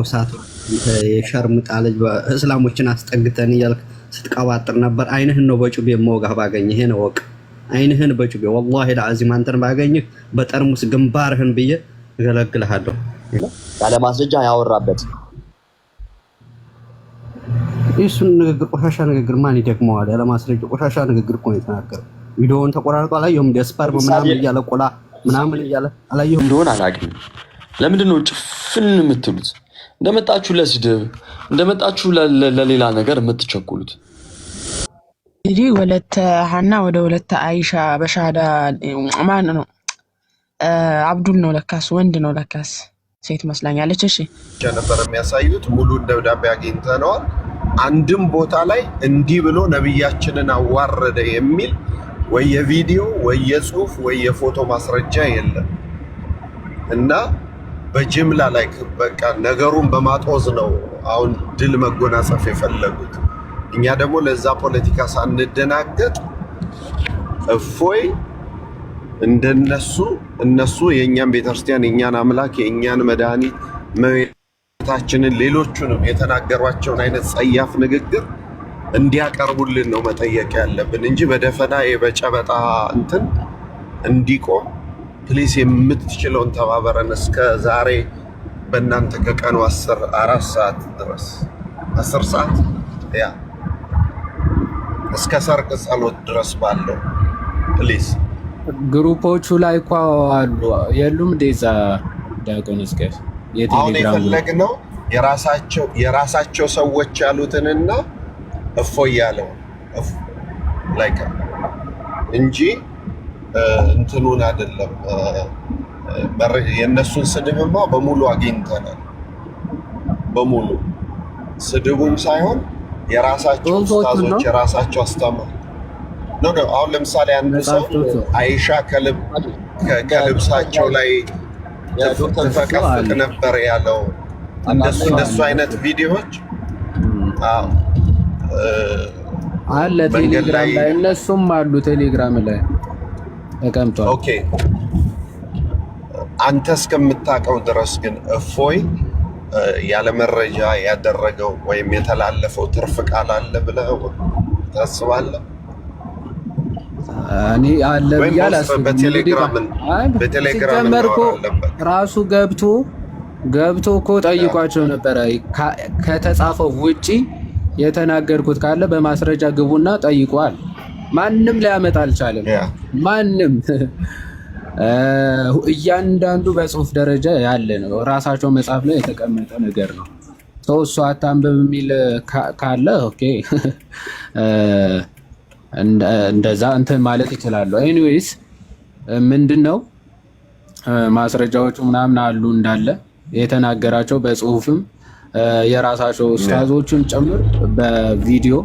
ኮሳቱ የሸርም ልጅ እስላሞችን አስጠግተን እያልክ ስትቀባጥር ነበር። አይንህን ነው በጩቤ መወጋህ ባገኘህ። ይሄ ነው ወቅ አይንህን በጩቤ ወላሂ ለአዚም አንተን ባገኘህ በጠርሙስ ግንባርህን ብዬ እገለግልሃለሁ። ያለማስረጃ ያወራበት እሱን ንግግር ቆሻሻ ንግግር ማን ይደግመዋል? ያለማስረጃ ቆሻሻ ንግግር እኮ ነው የተናገረው። ቪዲዮውን ተቆራርጦ አላየሁም። ደስፓር ምናምን እያለ ቆላ ምናምን እያለ አላየሁም። እንደሆነ አላውቅም። ለምንድን ነው ጭፍን የምትሉት? እንደመጣችሁ ለስድብ እንደመጣችሁ ለሌላ ነገር የምትቸኩሉት እንግዲህ ወለተ ሀና ወደ ወለተ አይሻ በሻዳ ማን ነው? አብዱል ነው ለካስ፣ ወንድ ነው ለካስ፣ ሴት መስላኛለች። እሺ ነበር የሚያሳዩት። ሙሉን ደብዳቤ አግኝተነዋል። አንድም ቦታ ላይ እንዲህ ብሎ ነብያችንን አዋረደ የሚል ወይ የቪዲዮ ወይ የጽሁፍ ወይ የፎቶ ማስረጃ የለም እና በጅምላ ላይ በቃ ነገሩን በማጦዝ ነው አሁን ድል መጎናጸፍ የፈለጉት። እኛ ደግሞ ለዛ ፖለቲካ ሳንደናገጥ እፎይ እንደነሱ እነሱ የእኛን ቤተክርስቲያን፣ የእኛን አምላክ፣ የእኛን መድኃኒት መቤታችንን ሌሎቹንም የተናገሯቸውን አይነት ጸያፍ ንግግር እንዲያቀርቡልን ነው መጠየቅ ያለብን እንጂ በደፈና የበጨበጣ እንትን እንዲቆም ፕሊስ የምትችለውን ተባበረን። እስከ ዛሬ በእናንተ ከቀኑ አስር አራት ሰዓት ድረስ አስር ሰዓት ያ እስከ ሰርቅ ጸሎት ድረስ ባለው ፕሊስ ግሩፖቹ ላይ እኮ አሉ የሉም። ዴዛ ዲያቆን እስከፍ አሁን የፈለግነው የራሳቸው የራሳቸው ሰዎች ያሉትንና እፎ እያለው ላይክ እንጂ እንትኑን አይደለም የእነሱን ስድብማ በሙሉ አግኝተናል። በሙሉ ስድቡም ሳይሆን የራሳቸው ኡስታዞች የራሳቸው አስተማሪ አሁን ለምሳሌ አንድ ሰው አይሻ ከልብሳቸው ላይ ተፈቀፍቅ ነበር ያለው እንደሱ እንደሱ አይነት ቪዲዮዎች አለ ቴሌግራም ላይ እነሱም አሉ ቴሌግራም ላይ ተቀምጧል። ኦኬ አንተ እስከምታውቀው ድረስ ግን እፎይ ያለ መረጃ ያደረገው ወይም የተላለፈው ትርፍ ቃል አለ ብለህ ታስባለህ? እኔ አለ ብዬ ራሱ ገብቶ ገብቶ እኮ ጠይቋቸው ነበረ። ከተጻፈው ውጪ የተናገርኩት ካለ በማስረጃ ግቡና ጠይቋል። ማንም ሊያመጣ አልቻለም። ማንም እያንዳንዱ በጽሁፍ ደረጃ ያለ ነው። ራሳቸው መጽሐፍ ላይ የተቀመጠ ነገር ነው። ሰው እሱ አታንብብ የሚል ካለ ኦኬ እንደዛ እንትን ማለት ይችላሉ። ኤኒዌይስ ምንድን ነው ማስረጃዎቹ ምናምን አሉ እንዳለ የተናገራቸው በጽሁፍም የራሳቸው ኡስታዞችም ጭምር በቪዲዮ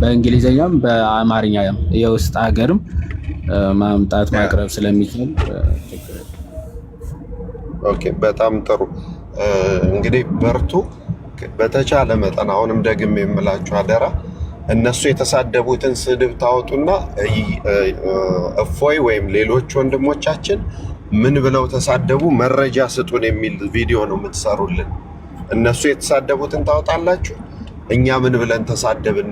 በእንግሊዝኛም በአማርኛ የውስጥ ሀገርም ማምጣት ማቅረብ ስለሚችል ኦኬ፣ በጣም ጥሩ እንግዲህ በርቱ። በተቻለ መጠን አሁንም ደግሜ የምላችሁ አደራ እነሱ የተሳደቡትን ስድብ ታወጡና እፎይ ወይም ሌሎች ወንድሞቻችን ምን ብለው ተሳደቡ መረጃ ስጡን የሚል ቪዲዮ ነው የምትሰሩልን። እነሱ የተሳደቡትን ታወጣላችሁ እኛ ምን ብለን ተሳደብን?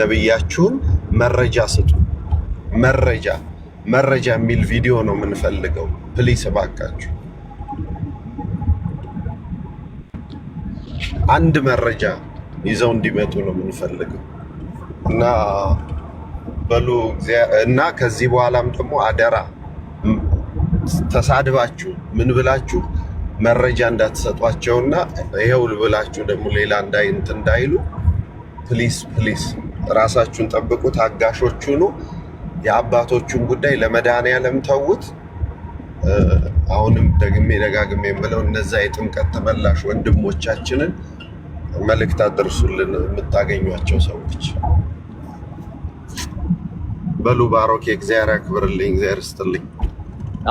ነብያችሁን መረጃ ስጡ፣ መረጃ መረጃ የሚል ቪዲዮ ነው የምንፈልገው። ፕሊስ እባካችሁ አንድ መረጃ ይዘው እንዲመጡ ነው የምንፈልገው እና በሉ እና ከዚህ በኋላም ደግሞ አደራ ተሳድባችሁ ምን ብላችሁ መረጃ እንዳትሰጧቸውና ይኸው ልብላችሁ ደግሞ ሌላ እንዳይንት እንዳይሉ ፕሊስ ፕሊስ ራሳችሁን ጠብቁ። አጋሾቹኑ የአባቶቹን ጉዳይ ለመድኃኔዓለም ተዉት። አሁንም ደግሜ ደጋግሜ የምለው እነዛ የጥምቀት ተመላሽ ወንድሞቻችንን መልእክት አድርሱልን የምታገኟቸው ሰዎች በሉ። ባሮክ የእግዚአብሔር ያክብርልኝ፣ እግዚአብሔር ስትልኝ።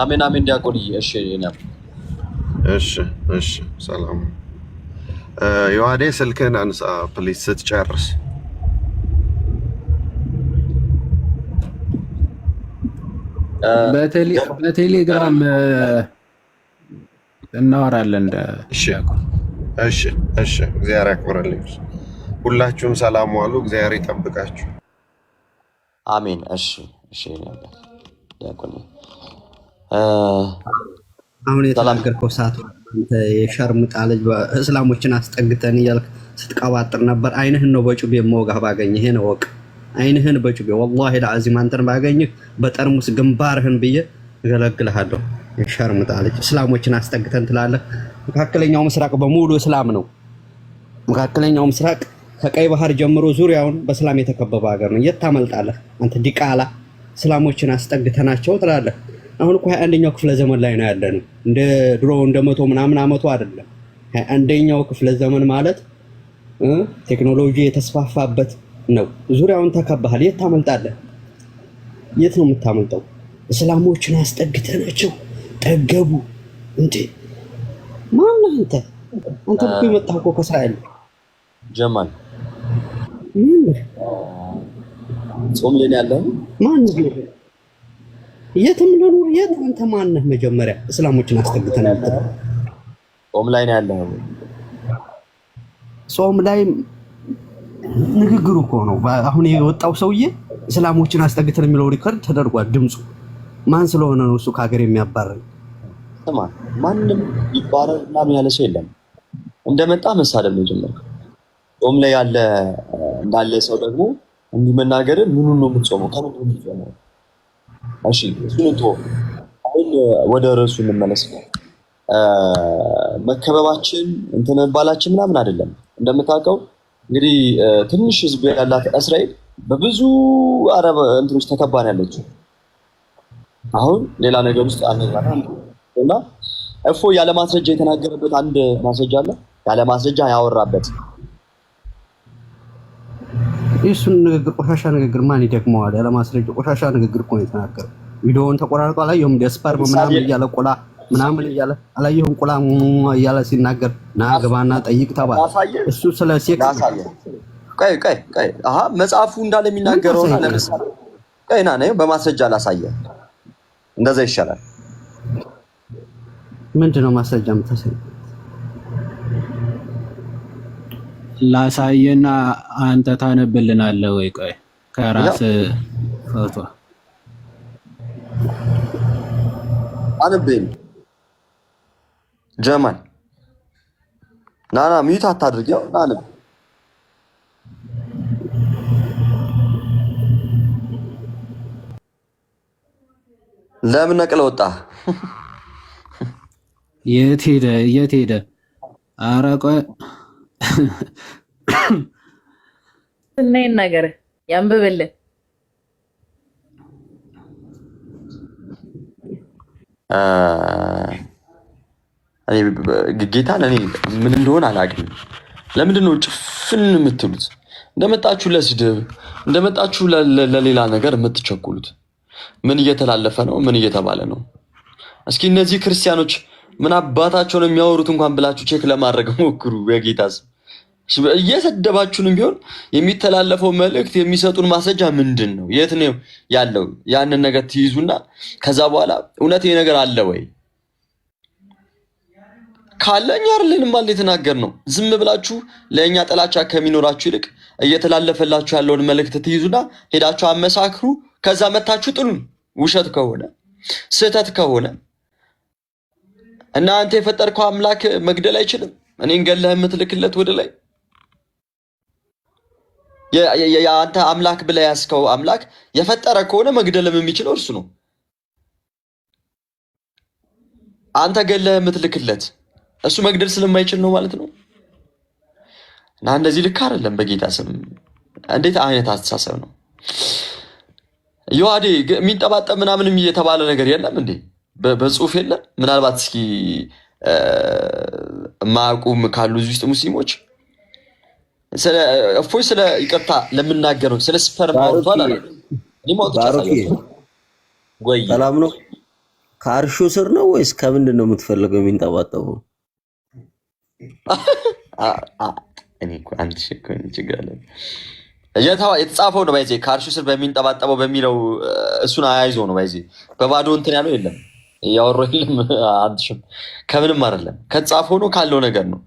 አሜን አሜን። ዲያቆን እሺ እሺ እሺ፣ ሰላም ዮሐኔ። ስልክህን አንሳ ፕሊዝ ስትጨርስ። በቴሌግራም እናወራለን። እሺ እሺ እሺ። እግዚአብሔር ያክብረልኝ። ሁላችሁም ሰላም ዋሉ። እግዚአብሔር ይጠብቃችሁ። አሜን። እሺ እሺ። አሁን የተናገርከው ሰዓት የሸርሙጣ ልጅ እስላሞችን አስጠግተን እያልክ ስትቀባጥር ነበር። አይንህን ነው በጩቤ መወጋህ ባገኝ። ይሄ ነው ወቅ አይንህን በጩቤ ወላሂ ለአዚም አንተን ባገኘህ በጠርሙስ ግንባርህን ብዬ እገለግልሃለሁ። የሸርሙጣ ልጅ እስላሞችን አስጠግተን ትላለህ። መካከለኛው ምስራቅ በሙሉ እስላም ነው። መካከለኛው ምስራቅ ከቀይ ባህር ጀምሮ ዙሪያውን በእስላም የተከበበ ሀገር ነው። የት ታመልጣለህ አንተ ዲቃላ? እስላሞችን አስጠግተናቸው ትላለህ። አሁን እኮ ሀያ አንደኛው ክፍለ ዘመን ላይ ነው ያለ ነው። እንደ ድሮ እንደ መቶ ምናምን አመቱ አይደለም። ሀያ አንደኛው ክፍለ ዘመን ማለት ቴክኖሎጂ የተስፋፋበት ነው። ዙሪያውን ተከባሃል። የት ታመልጣለህ? የት ነው የምታመልጠው? እስላሞችን አስጠግተናቸው ጠገቡ እንዴ? ማን አንተ? አንተ እኮ የመጣህ እኮ ከእስራኤል ጀማል ጾም ልን ያለህ ማን የትም ልኑር የት አንተ ማነህ? መጀመሪያ እስላሞችን አስጠግተን ጾም ላይ ነው ያለነው። ጾም ላይ ንግግሩ እኮ ነው አሁን የወጣው ሰውዬ እስላሞችን አስጠግተን የሚለው ሪከርድ ተደርጓል። ድምፁ ማን ስለሆነ ነው እሱ ከሀገር የሚያባረር? ስማ ማንም ይባረር ምናምን ያለ ሰው የለም። እንደመጣ መሳደብ ነው የጀመርከው። ጾም ላይ ያለ እንዳለ ሰው ደግሞ እንዲህ መናገር ምኑን ነው የምትጾመው? ከምንድን ነው የምትጾመው? እሺ እሱን አሁን ወደ ርዕሱ እንመለስ ነው። መከበባችን እንትን ምናምን አይደለም። እንደምታውቀው እንግዲህ ትንሽ ህዝብ ያላት እስራኤል በብዙ አረብ እንትኖች ተከባን ያለችው አሁን ሌላ ነገር ውስጥ እና እፎ ያለ ማስረጃ የተናገረበት አንድ ማስረጃ አለ። ያለ ማስረጃ ያወራበት እሱን ንግግር ቆሻሻ ንግግር ማን ይደግመዋል? ያለማስረጃ ቆሻሻ ንግግር እኮ ነው የተናገረው። ቪዲዮውን ተቆራርጦ አላየሁም። ደስፐር ምናምን እያለ ቆላ ምናምን እያለ አላየሁም። ቆላ እያለ ሲናገር ና ግባና ጠይቅ ተባለ። እሱ ስለ ሴክስ አሀ መጽሐፉ እንዳለ የሚናገረው ለምሳሌ ቆይ ና ነው በማስረጃ ላሳየ፣ እንደዛ ይሻላል። ምንድነው ማስረጃ የምታሳየው? ላሳየና አንተ ታነብልናለህ ወይ? ቆይ ከራስ ፎቶ አንብም። ጀማል ናና ሚዩት አታድርገው። ናና ለምን ነቅለ ወጣ? የት ሄደ? የት ሄደ? ኧረ ስናይን ነገር ያንብብልን። ጌታ እኔ ምን እንደሆነ አላውቅም። ለምንድን ነው ጭፍን የምትሉት? እንደመጣችሁ ለስድብ እንደመጣችሁ ለሌላ ነገር የምትቸኩሉት? ምን እየተላለፈ ነው? ምን እየተባለ ነው? እስኪ እነዚህ ክርስቲያኖች ምን አባታቸውን የሚያወሩት እንኳን ብላችሁ ቼክ ለማድረግ ሞክሩ። በጌታ ስም እየሰደባችሁንም ቢሆን የሚተላለፈው መልእክት የሚሰጡን ማስረጃ ምንድን ነው? የት ነው ያለው? ያንን ነገር ትይዙና ከዛ በኋላ እውነት ይሄ ነገር አለ ወይ ካለ እኛ አይደለንም የተናገር ነው። ዝም ብላችሁ ለእኛ ጥላቻ ከሚኖራችሁ ይልቅ እየተላለፈላችሁ ያለውን መልእክት ትይዙና ሄዳችሁ አመሳክሩ። ከዛ መታችሁ ጥሉን። ውሸት ከሆነ ስህተት ከሆነ እና አንተ የፈጠርከው አምላክ መግደል አይችልም? እኔን ገለህ የምትልክለት ወደ ላይ የአንተ አምላክ ብለህ ያስከው አምላክ የፈጠረ ከሆነ መግደልም የሚችለው እርሱ ነው። አንተ ገለህ የምትልክለት እሱ መግደል ስለማይችል ነው ማለት ነው። እና እንደዚህ ልክ አይደለም። በጌታ ስም እንዴት አይነት አስተሳሰብ ነው? ዮሐዴ የሚንጠባጠብ ምናምንም የተባለ ነገር የለም እንዴ? በጽሁፍ የለም። ምናልባት እስኪ ማቁም ካሉ እዚህ ውስጥ ሙስሊሞች እፎይ ስለ ይቅርታ ለምናገረው ስለ ስፐርም አውርቷል ሰላም ነው። ከአርሹ ስር ነው ወይስ ከምንድን ነው የምትፈልገው የሚንጠባጠበው? የተጻፈው ነው ይዜ ከአርሹ ስር በሚንጠባጠበው በሚለው እሱን አያይዞ ነው ይዜ በባዶ እንትን ያለው የለም፣ ያወራው የለም። አንድ ከምንም አይደለም፣ ከተጻፈው ነው ካለው ነገር ነው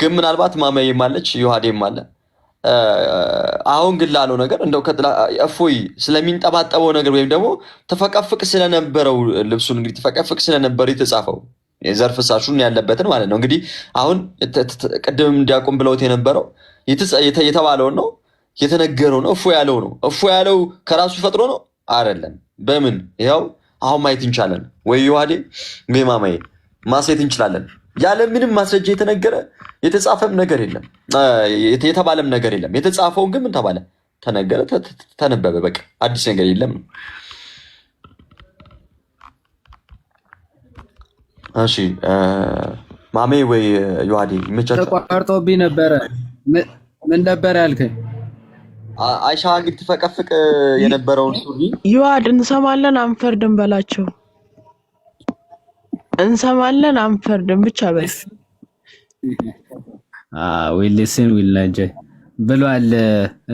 ግን ምናልባት ማመዬም አለች ዮሐዴም አለ። አሁን ግን ላለው ነገር እንደው እፎይ ስለሚንጠባጠበው ነገር ወይም ደግሞ ተፈቀፍቅ ስለነበረው ልብሱን እንግዲህ ተፈቀፍቅ ስለነበረ የተጻፈው የዘር ፍሳሹን ያለበትን ማለት ነው እንግዲህ አሁን ቅድም እንዲያቆም ብለውት የነበረው የተባለውን ነው የተነገረው ነው እፎ ያለው ነው። እፎ ያለው ከራሱ ፈጥሮ ነው አይደለም። በምን ያው አሁን ማየት እንቻለን ወይ ዮሐዴ ወይ ማማዬ እንችላለን። ያለ ምንም ማስረጃ የተነገረ የተጻፈም ነገር የለም፣ የተባለም ነገር የለም። የተጻፈውን ግን ምን ተባለ? ተነገረ፣ ተነበበ። በቃ አዲስ ነገር የለም ነው። እሺ ማሜ ወይ ዮሐዴ ተቋርጦብኝ ነበረ። ምን ነበር ያልከኝ? አይሻ እንግዲህ ትፈቀፍቅ የነበረውን ሱሪ ዮሐድ እንሰማለን፣ አንፈርድም በላቸው እንሰማለን አንፈርድም። ብቻ በስ ዊል ሊስን ብሏል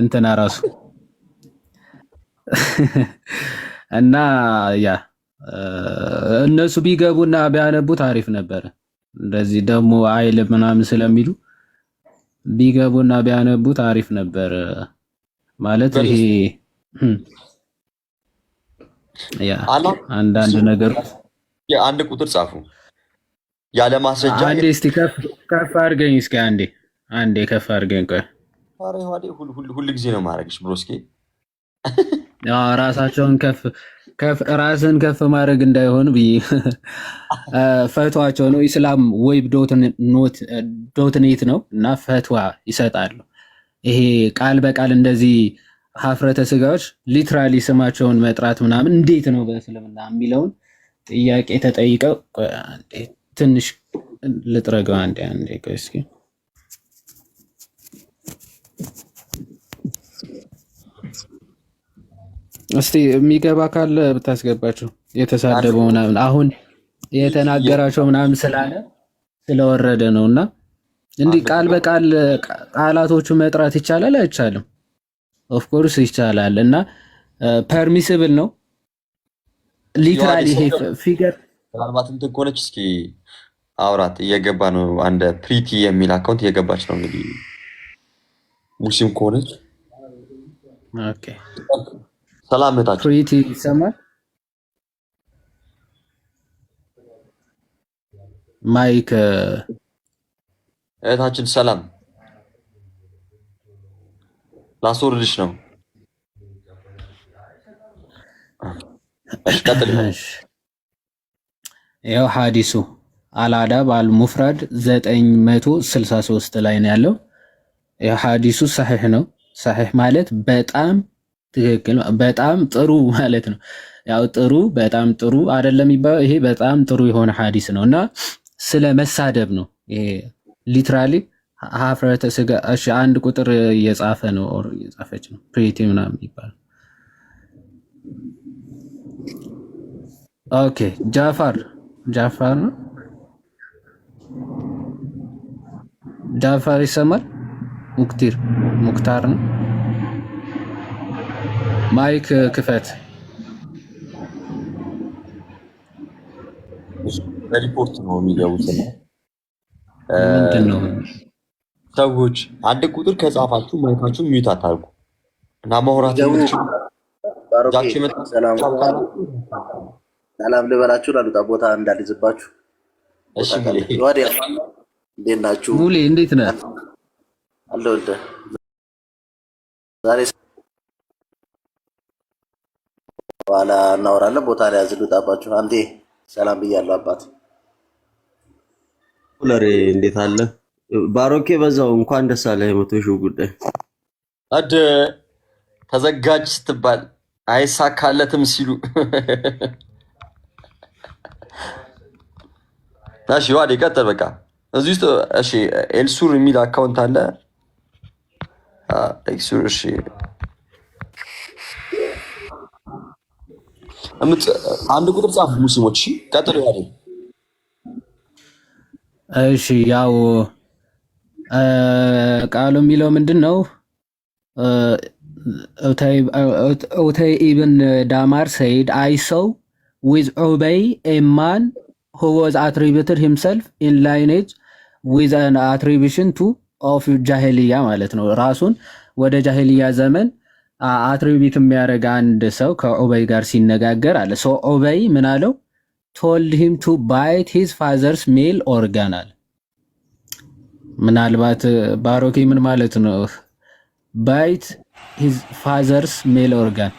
እንትና ራሱ እና ያ እነሱ ቢገቡና ቢያነቡት አሪፍ ነበረ። እንደዚህ ደግሞ አይል ምናምን ስለሚሉ ቢገቡና ቢያነቡት አሪፍ ነበረ ማለት ይሄ ያ አንዳንድ ነገር የአንድ ቁጥር ጻፉ ያለ ማስረጃ። አንዴ እስቲ ከፍ አድርገኝ እስኪ አንዴ አንዴ ከፍ አድርገኝ። ቆይ ሁሉ ጊዜ ነው ማድረግሽ ብሎ እስኪ ራሳቸውን ከፍ ከፍ ራስን ከፍ ማድረግ እንዳይሆን ብዬ ፈቷቸው ነው። ኢስላም ዌብ ዶት ኔት ነው እና ፈትዋ ይሰጣሉ። ይሄ ቃል በቃል እንደዚህ ሀፍረተ ስጋዎች ሊትራሊ ስማቸውን መጥራት ምናምን እንዴት ነው በእስልምና የሚለውን ጥያቄ ተጠይቀው ትንሽ ልጥረገው። አንዴ አንዴ እስኪ እስቲ የሚገባ ካለ ብታስገባቸው የተሳደበው ምናምን አሁን የተናገራቸው ምናምን ስላለ ስለወረደ ነው። እና እንዲህ ቃል በቃል ቃላቶቹ መጥራት ይቻላል አይቻልም? ኦፍኮርስ ይቻላል። እና ፐርሚስብል ነው ሊትራሊ ይሄ ፊገር ምናልባት እንትን ከሆነች እስኪ አውራት እየገባ ነው። አንድ ፕሪቲ የሚል አካውንት እየገባች ነው። እንግዲህ ሙስሊም ከሆነች ሰላም እህታችን ፕሪቲ ይሰማል። ማይክ እህታችን ሰላም ላስወርድሽ ነው። ያው ሀዲሱ አልአዳብ አልሙፍራድ ዘጠኝ መቶ ስልሳ ሶስት ላይ ነው ያለው። ያው ሀዲሱ ሰሒሕ ነው። ሰሒሕ ማለት በጣም ትክክል፣ በጣም ጥሩ ማለት ነው። ያው ጥሩ፣ በጣም ጥሩ አይደለም የሚባለው ይሄ በጣም ጥሩ የሆነ ሀዲስ ነው እና ስለ መሳደብ ነው ይሄ ሊትራሊ ሀፍረተ ስጋ እሺ፣ አንድ ቁጥር እየጻፈ ነው ኦር እየጻፈች ነው ፕሪቲ ምናምን የሚባለው ኦኬ ጃፋር ጃፋር ነው። ጃፋር ይሰማል። ሙክቲር ሙክታር ነው። ማይክ ክፈት። ሪፖርት ነው የሚገቡት ነው ሰዎች። አንድ ቁጥር ከጻፋችሁ ማይካችሁ ሚዩት አታርጉ እና ማውራት ሰላም ልበላችሁ ላሉጣ ቦታ እንዳልዝባችሁ እንዴት ናችሁ? ሙሌ እንዴት ነህ? ዛሬ በኋላ እናወራለን። ቦታ ላይ ያዝ፣ አንዴ ሰላም ብያለሁ። አባት ሁለሬ እንዴት አለ? ባሮኬ በዛው እንኳን ደስ አለ። የመቶ ሺህ ጉዳይ አድ ተዘጋጅ ስትባል አይሳካለትም ሲሉ እሺ ዋዴ ቀጥል። በቃ እዚህ ውስጥ እሺ፣ ኤልሱር የሚል አካውንት አለ። ኤልሱር እሺ፣ አንድ ቁጥር ጻፍ ሙስሊሞች። እሺ፣ ቀጥል እሺ፣ ያው ቃሉ የሚለው ምንድን ነው? ኦተይ ኢብን ዳማር ሰይድ አይ ሰው ዊዝ ዑበይ ኤማን who was attributed himself in lineage with an attribution to of ጃሄልያ ማለት ነው። ራሱን ወደ ጃሄልያ ዘመን አትሪቢት የሚያደርግ አንድ ሰው ከዑበይ ጋር ሲነጋገር አለ። ሶ ዑበይ ምን አለው? ቶልድ ሂም ቱ ባይት ሂዝ ፋዘርስ ሜል ኦርጋን አለ። ምናልባት ባሮኬ ምን ማለት ነው? ባይት ሂዝ ፋዘርስ ሜል ኦርጋን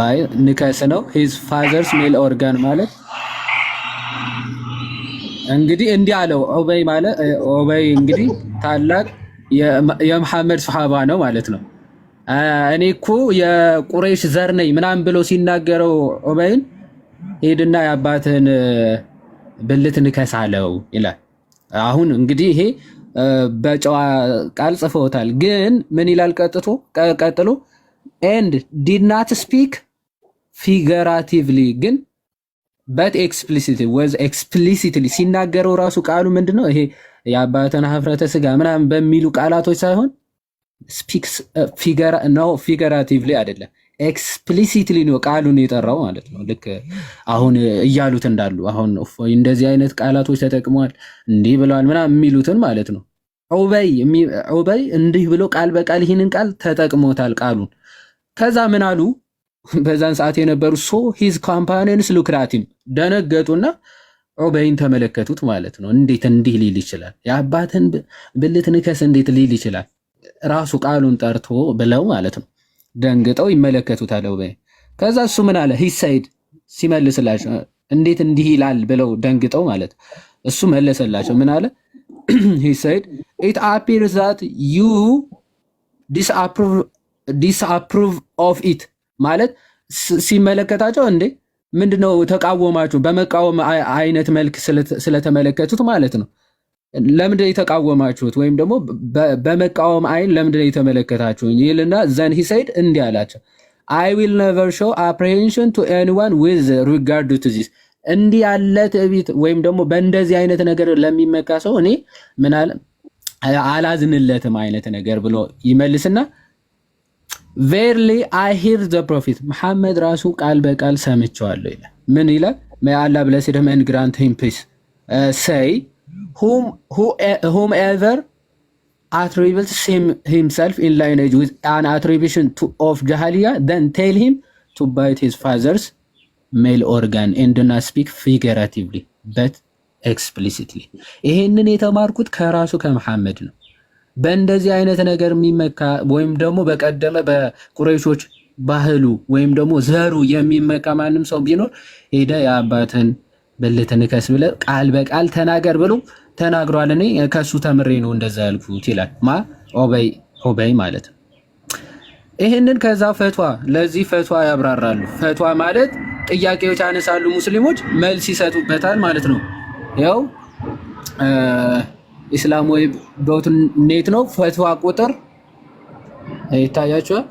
ባይ ንከስ ነው። ሂዝ ፋዘርስ ሜል ኦርጋን ማለት እንግዲህ እንዲህ አለው። ኦበይ ማለት ኦበይ እንግዲህ ታላቅ የመሐመድ ሰሃባ ነው ማለት ነው። እኔ እኮ የቁረይሽ ዘር ነኝ ምናምን ብሎ ሲናገረው ኦበይን ሄድና የአባትን ብልት ንከሳለው ይላል። አሁን እንግዲህ ይሄ በጨዋ ቃል ጽፈውታል። ግን ምን ይላል ቀጥቶ ቀጥሎ ኤንድ ዲድ ናት ስፒክ ፊገራቲቭሊ ግን በት ኤክስፕሊሲት ወዝ ኤክስፕሊሲትሊ ሲናገረው ራሱ ቃሉ ምንድን ነው? ይሄ የአባተን ህፍረተ ስጋ ምናምን በሚሉ ቃላቶች ሳይሆን ስፒክስ ነው ፊገራቲቭሊ አይደለም፣ ኤክስፕሊሲትሊ ነው ቃሉን የጠራው ማለት ነው። ልክ አሁን እያሉት እንዳሉ አሁን እንደዚህ አይነት ቃላቶች ተጠቅመዋል፣ እንዲህ ብለዋል ምናምን የሚሉትን ማለት ነው። ዑበይ እንዲህ ብሎ ቃል በቃል ይህንን ቃል ተጠቅሞታል ቃሉን። ከዛ ምን አሉ በዛን ሰዓት የነበሩ ሶ ሂዝ ካምፓኒንስ ሉክራቲም ደነገጡና ዑበይን ተመለከቱት ማለት ነው። እንዴት እንዲህ ሊል ይችላል? የአባትን ብልት ንከስ እንዴት ሊል ይችላል? ራሱ ቃሉን ጠርቶ ብለው ማለት ነው። ደንግጠው ይመለከቱታል ዑበይን። ከዛ እሱ ምን አለ ሂሳይድ ሲመልስላቸው እንዴት እንዲህ ይላል ብለው ደንግጠው ማለት እሱ መለሰላቸው። ምን አለ ሂሳይድ ኢት አፒርስ ዛት ዩ ዲስአፕሩቭ ኦፍ ኢት ማለት ሲመለከታቸው እንዴ ምንድነው ተቃወማችሁ? በመቃወም አይነት መልክ ስለተመለከቱት ማለት ነው። ለምንድነው የተቃወማችሁት? ወይም ደግሞ በመቃወም አይን ለምንድነው የተመለከታችሁ ይልና ዘን ሂሰይድ እንዲህ አላቸው አይ ዊል ነቨር ሾው አፕሬንሽን ቱ ኤኒዋን ዊዝ ሪጋርድ ቱ ዚስ እንዲህ ያለ ትዕቢት ወይም ደግሞ በእንደዚህ አይነት ነገር ለሚመካ ሰው እኔ ምናል አላዝንለትም አይነት ነገር ብሎ ይመልስና ቬርሊ አይ ሂር ዘ ፕሮፊት መሐመድ ራሱ ቃል በቃል ሰምቸዋለሁ ይላል። ምን ይላል? አላ ብለስ ደም ኤንድ ግራንት ሂም ፒስ ሰይ ሁም ኤቨር አትሪቢትስ ሂምሰልፍ ኢን ላይኔጅ ዊዝ አን አትሪቢሽን ኦፍ ጃሃልያ ዘን ቴል ሂም ቱ ባይት ሂዝ ፋዘርስ ሜል ኦርጋን ኤንድ ና ስፒክ ፊገራቲቭሊ በት ኤክስፕሊሲትሊ። ይሄንን የተማርኩት ከራሱ ከመሐመድ ነው። በእንደዚህ አይነት ነገር የሚመካ ወይም ደግሞ በቀደመ በቁረይሾች ባህሉ ወይም ደግሞ ዘሩ የሚመካ ማንም ሰው ቢኖር ሄደ የአባትን ብልት ንከስ ብለ ቃል በቃል ተናገር ብሎ ተናግሯል። እኔ ከሱ ተምሬ ነው እንደዛ ያልኩት ይላል። ማ ኦበይ ኦበይ ማለት ነው። ይህንን ከዛ ፈትዋ ለዚህ ፈቷ ያብራራሉ። ፈትዋ ማለት ጥያቄዎች ያነሳሉ ሙስሊሞች መልስ ይሰጡበታል ማለት ነው ያው ወይ ዶት ኔት ነው። ፈትዋ ቁጥር ይታያችኋል።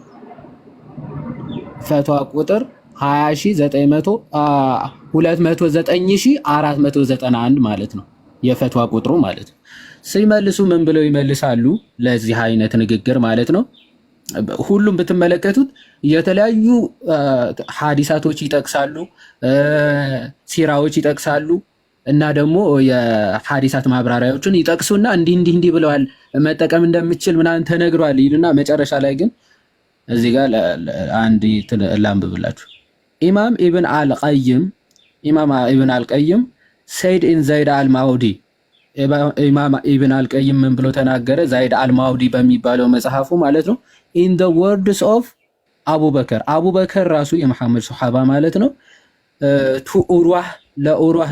ፈትዋ ቁጥር 2099491 ማለት ነው። የፈትዋ ቁጥሩ ማለት ነው። ሲመልሱ ምን ብለው ይመልሳሉ? ለዚህ አይነት ንግግር ማለት ነው። ሁሉም ብትመለከቱት የተለያዩ ሀዲሳቶች ይጠቅሳሉ፣ ሲራዎች ይጠቅሳሉ። እና ደግሞ የሀዲሳት ማብራሪያዎችን ይጠቅሱና እንዲህ እንዲህ እንዲህ ብለዋል መጠቀም እንደምችል ምናምን ተነግሯል ይሉና መጨረሻ ላይ ግን እዚህ ጋር አንድ ላንብብላችሁ። ኢማም ኢብን አልቀይም ኢማም ኢብን አልቀይም ሰይድ ኢን ዘይድ አልማውዲ ኢማም ኢብን አልቀይም ምን ብሎ ተናገረ? ዘይድ አልማውዲ በሚባለው መጽሐፉ ማለት ነው። ኢን ዘ ወርድስ ኦፍ አቡበከር አቡበከር ራሱ የመሐመድ ሶሓባ ማለት ነው ቱ ኡርዋህ ለኡርዋህ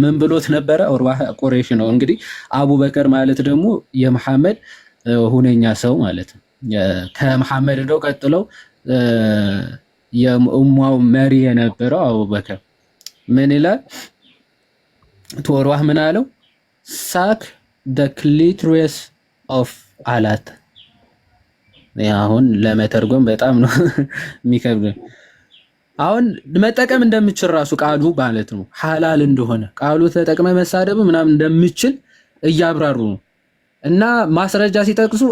ምን ብሎት ነበረ? ኡርዋህ ቁሬሽ ነው እንግዲህ። አቡበከር ማለት ደግሞ የመሐመድ ሁነኛ ሰው ማለት ነው። ከመሐመድ እንደው ቀጥለው የኡማው መሪ የነበረው አቡበከር ምን ይላል? ቱ ኡርዋህ ምን አለው? ሳክ ደ ክሊትሪስ ኦፍ አላት። አሁን ለመተርጎም በጣም ነው የሚከብደው። አሁን መጠቀም እንደምችል ራሱ ቃሉ ማለት ነው ሐላል እንደሆነ ቃሉ ተጠቅመ መሳደብ ምናምን እንደምችል እያብራሩ ነው። እና ማስረጃ ሲጠቅሱ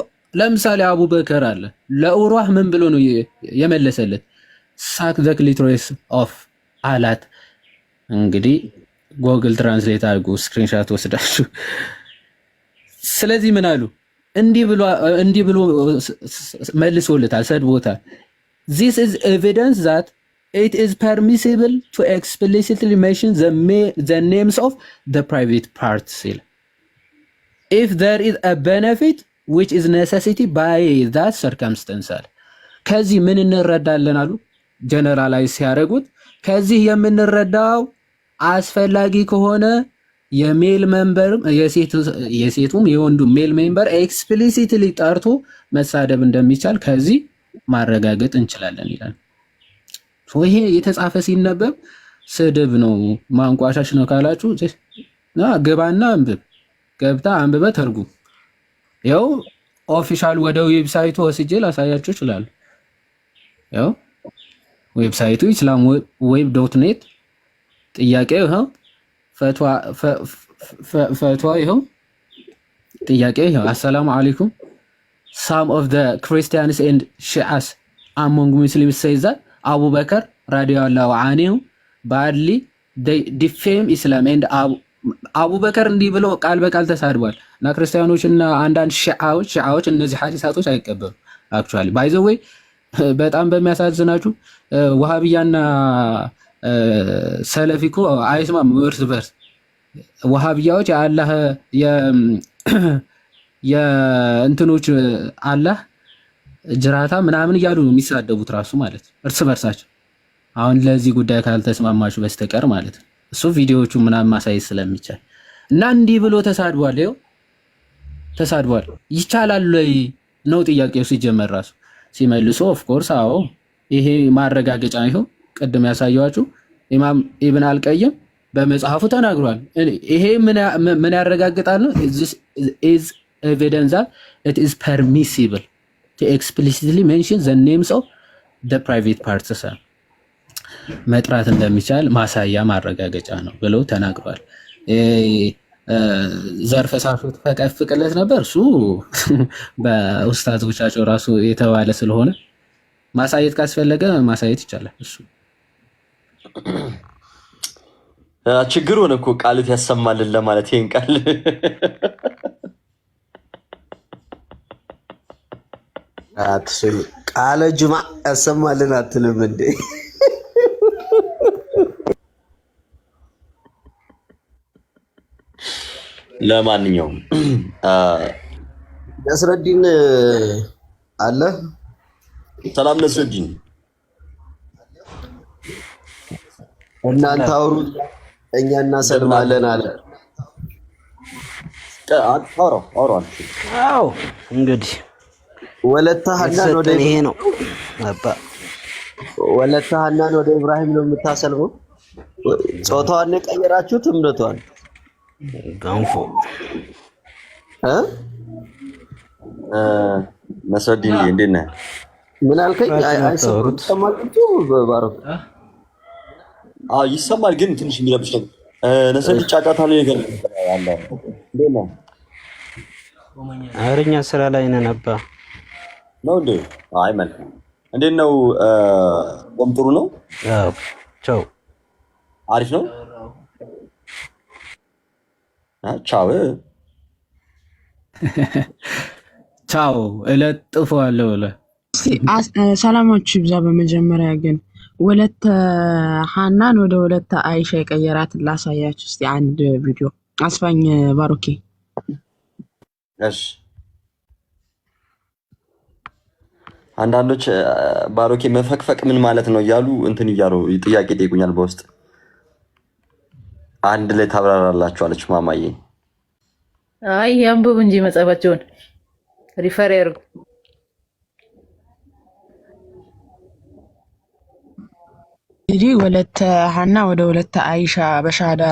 ለምሳሌ አቡበከር አለ ለኡራህ ምን ብሎ ነው የመለሰለት? ሳክ ዘ ክሊቶሪስ ኦፍ አላት። እንግዲህ ጎግል ትራንስሌት አድርጉ፣ ስክሪንሻት ወስዳችሁ። ስለዚህ ምን አሉ? እንዲህ ብሎ እንዲህ ብሎ መልሶለታል፣ ሰድቦታል። ዚስ ኢዝ ኤቪደንስ ዛት it is permissible to explicitly mention the, the names of the private parts if there is a benefit which is necessity by that circumstance አለ። ከዚህ ምን እንረዳለን አሉ ጀነራላይዝ ሲያደርጉት ከዚህ የምንረዳው አስፈላጊ ከሆነ የሜል ሜምበር የሴቱም የወንዱ ሜል ሜምበር ኤክስፕሊሲትሊ ጠርቶ መሳደብ እንደሚቻል ከዚህ ማረጋገጥ እንችላለን ይላል። ይሄ የተጻፈ ሲነበብ ስድብ ነው ማንቋሻሽ ነው ካላችሁ ገባና አንብብ፣ ገብታ አንብበ ተርጉም። ያው ኦፊሻል ወደ ዌብሳይቱ ወስጄ ላሳያችሁ ይችላል። ያው ዌብሳይቱ ኢስላም ዌብ ዶት ኔት ጥያቄ ይኸው፣ ፈትዋ ይኸው፣ ጥያቄ ይኸው። አሰላሙ አለይኩም ሳም ኦፍ ዘ ክርስቲያንስ ኤንድ ሺዓስ አሞንግ ሙስሊምስ ሴይዝ ዛት አቡበከር ራዲየላሁ አንሁ ባድሊ ዲፌም ኢስላም ኤንድ አቡበከር እንዲህ ብሎ ቃል በቃል ተሳድቧል። እና ክርስቲያኖች እና አንዳንድ ሺዓዎች ሺዓዎች እነዚህ ሐዲሳቶች አይቀበሉ አክቹዋሊ ባይ ዘ ወይ በጣም በሚያሳዝናችሁ ወሃብያና ሰለፊ አይስማም እርስ በርስ። ወሃብያዎች የአላህ የእንትኖች አላህ ጅራታ ምናምን እያሉ ነው የሚሳደቡት ራሱ ማለት እርስ በርሳቸው። አሁን ለዚህ ጉዳይ ካልተስማማችሁ በስተቀር ማለት ነው እሱ ቪዲዮዎቹ ምናምን ማሳየት ስለሚቻል እና እንዲህ ብሎ ተሳድቧል። ይኸው ተሳድቧል። ይቻላል ወይ ነው ጥያቄው ሲጀመር ራሱ ሲመልሶ ኦፍኮርስ አዎ ይሄ ማረጋገጫ ይኸው ቅድም ያሳየኋችሁ ኢማም ኢብን አልቀይም በመጽሐፉ ተናግሯል። ይሄ ምን ያረጋግጣል ነው ኢዝ ኤቪደንስ ኢት ኢዝ ፐርሚሲብል ኤክስፕሊሲትሊ ሜንሽን ዘ ኔምስ ኦፍ ደ ፕራይቬት ፓርትስ መጥራት እንደሚቻል ማሳያ ማረጋገጫ ነው ብለው ተናግሯል ዘርፈ ሳሾት ፈቀፍቅለት ነበር። እሱ በኡስታዞቻቸው ራሱ የተባለ ስለሆነ ማሳየት ካስፈለገ ማሳየት ይቻላል። እሱ ችግር ሆነ እኮ ቃልት ያሰማልን ለማለት ይህን ቃል ቃለ ጁማ ያሰማልን አትልም እንዴ? ለማንኛውም ነስረዲን አለ። ሰላም ነስረዲን፣ እናንተ አውሩ እኛ እናሰልማለን አለ። አውራው አውራው። አዎ እንግዲህ ወለተ ሐናን ወደ ይሄ ነው አባ ወለተ ሐናን ወደ ኢብራሂም ነው የምታሰልበው። ጾታዋን ቀየራችሁት? እምነቷን ገንፎ እ መስወዲ እንዴት ነህ? ምን አልከኝ? አይ ይሰማል፣ ግን ትንሽ የሚለብስ ነው። ነሰዲ ጫጫታ ላይ ነገር አለ። አረኛ ስራ ላይ ነን አባ ነው እንዴ? አይ መልካም። እንዴት ነው? ቆም ጥሩ ነው። ቻው። አሪፍ ነው። ቻው ቻው። እለጥፈዋለሁ ብለህ ሰላማችሁ ይብዛ። በመጀመሪያ ግን ወለተ ሀናን ወደ ወለተ አይሻ የቀየራት ላሳያችሁ እስኪ አንድ ቪዲዮ አስፋኝ ባሮኬ እሺ አንዳንዶች ባሮኬ መፈቅፈቅ ምን ማለት ነው እያሉ እንትን እያሉ ጥያቄ ጠይቁኛል በውስጥ አንድ ላይ ታብራራላችኋለች ማማዬ። አይ አንብብ እንጂ መጽሐፋቸውን ሪፈር ያርጉ። እንግዲህ ወለተ ሀና ወደ ወለተ አይሻ በሻዳ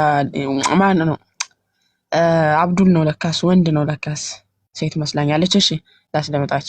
ማን ነው? አብዱል ነው ለካስ፣ ወንድ ነው ለካስ። ሴት መስላኛለች። እሺ ላስደምጣች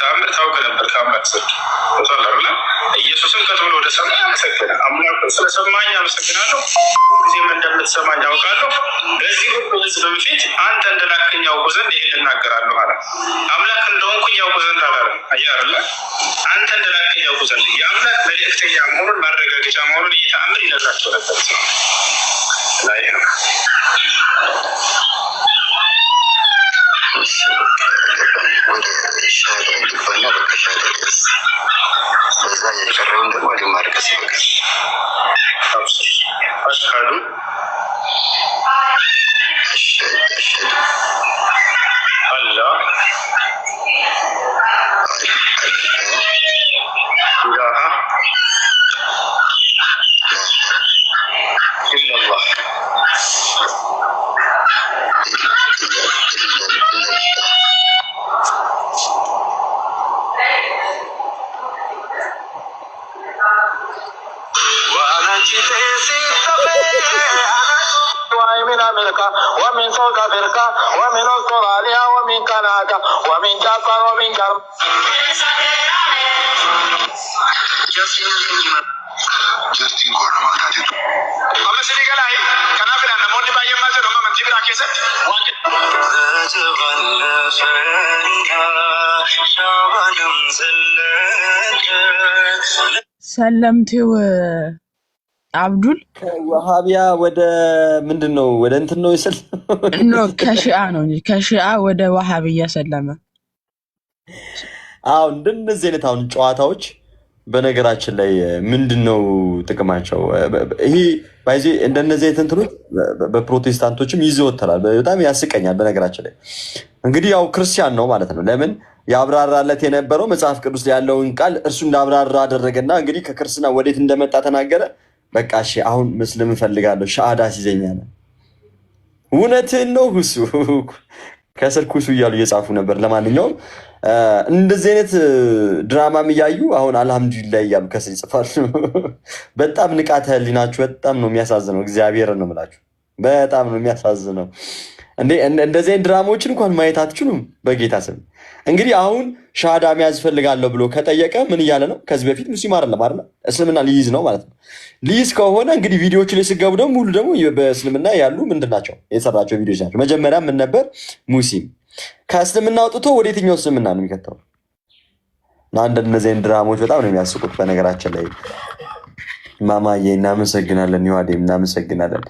ተአምር ታውቅ ነበር ከአምላክ ዘንድ ቶላብላ ኢየሱስን ቀጥ ብሎ ወደ ሰማይ አመሰግነ አምላኩ ስለሰማኝ አመሰግናለሁ። ጊዜም እንደምትሰማኝ አውቃለሁ። በዚህ ሁሉ ህዝብ ፊት አንተ እንደላክኝ ያውቁ ዘንድ ይህን እናገራለሁ አለ። አምላክ እንደሆንኩኝ ያውቁ ዘንድ አላለም። አየህ አይደለ? አንተ እንደላክኝ ያውቁ ዘንድ የአምላክ መልእክተኛ መሆኑን ማረጋገጫ መሆኑን እየተአምር ተአምር ይነግራቸው ነበር። مش wanda shahararren dubba na baka shahararren yasa ba za ya karra wanda wani mara kasa da kasa ashadu ashadu Allah ilaha من امريكا ومن ساوث افريقيا ومن استراليا ومن كندا ومن جابان ومن جرم Justin Gorman, that is. I'm a city guy. Can I feel an amount by your mother? I'm a Jibra Kesa. سلمتي و አብዱል ወሃቢያ ወደ ምንድን ነው ወደ እንትን ነው ይስል ኖ ከሺአ ነው እ ከሺአ ወደ ወሃቢያ ሰለመ። አሁ እንደነዚህ አይነት አሁን ጨዋታዎች በነገራችን ላይ ምንድን ነው ጥቅማቸው? ይሄ ባይዜ እንደነዚህ አይነት እንትኖች በፕሮቴስታንቶችም ይዘወተራል። በጣም ያስቀኛል። በነገራችን ላይ እንግዲህ ያው ክርስቲያን ነው ማለት ነው። ለምን ያብራራለት የነበረው መጽሐፍ ቅዱስ ያለውን ቃል እርሱ እንዳብራራ አደረገና እንግዲህ ከክርስትና ወዴት እንደመጣ ተናገረ። በቃ እሺ፣ አሁን ምስልም እፈልጋለሁ ሻአዳ ሲዘኛለ እውነትህን ነው ሁሱ ከስር ኩሱ እያሉ እየጻፉ ነበር። ለማንኛውም እንደዚህ አይነት ድራማም እያዩ አሁን አልሐምዱሊላህ እያሉ ከስር ይጽፋሉ። በጣም ንቃተ ህሊናችሁ በጣም ነው የሚያሳዝነው። እግዚአብሔር ነው የምላችሁ፣ በጣም ነው የሚያሳዝነው። እንደዚህ አይነት ድራማዎችን እንኳን ማየት አትችሉም በጌታ ስም እንግዲህ አሁን ሻሃዳ መያዝ ፈልጋለሁ ብሎ ከጠየቀ ምን እያለ ነው? ከዚህ በፊት ሙስሊም አይደለም አይደለ? እስልምና ሊይዝ ነው ማለት ነው። ሊይዝ ከሆነ እንግዲህ ቪዲዮዎች ላይ ስገቡ ደግሞ ሙሉ ደግሞ በእስልምና ያሉ ምንድን ናቸው የሰራቸው ቪዲዮች ናቸው። መጀመሪያ ምን ነበር? ሙስሊም ከእስልምና አውጥቶ ወደ የትኛው እስልምና ነው የሚከተው? አንድ እነዚህን ድራሞች በጣም ነው የሚያስቁት። በነገራችን ላይ ማማዬ እናመሰግናለን፣ ይዋዴ እናመሰግናለን።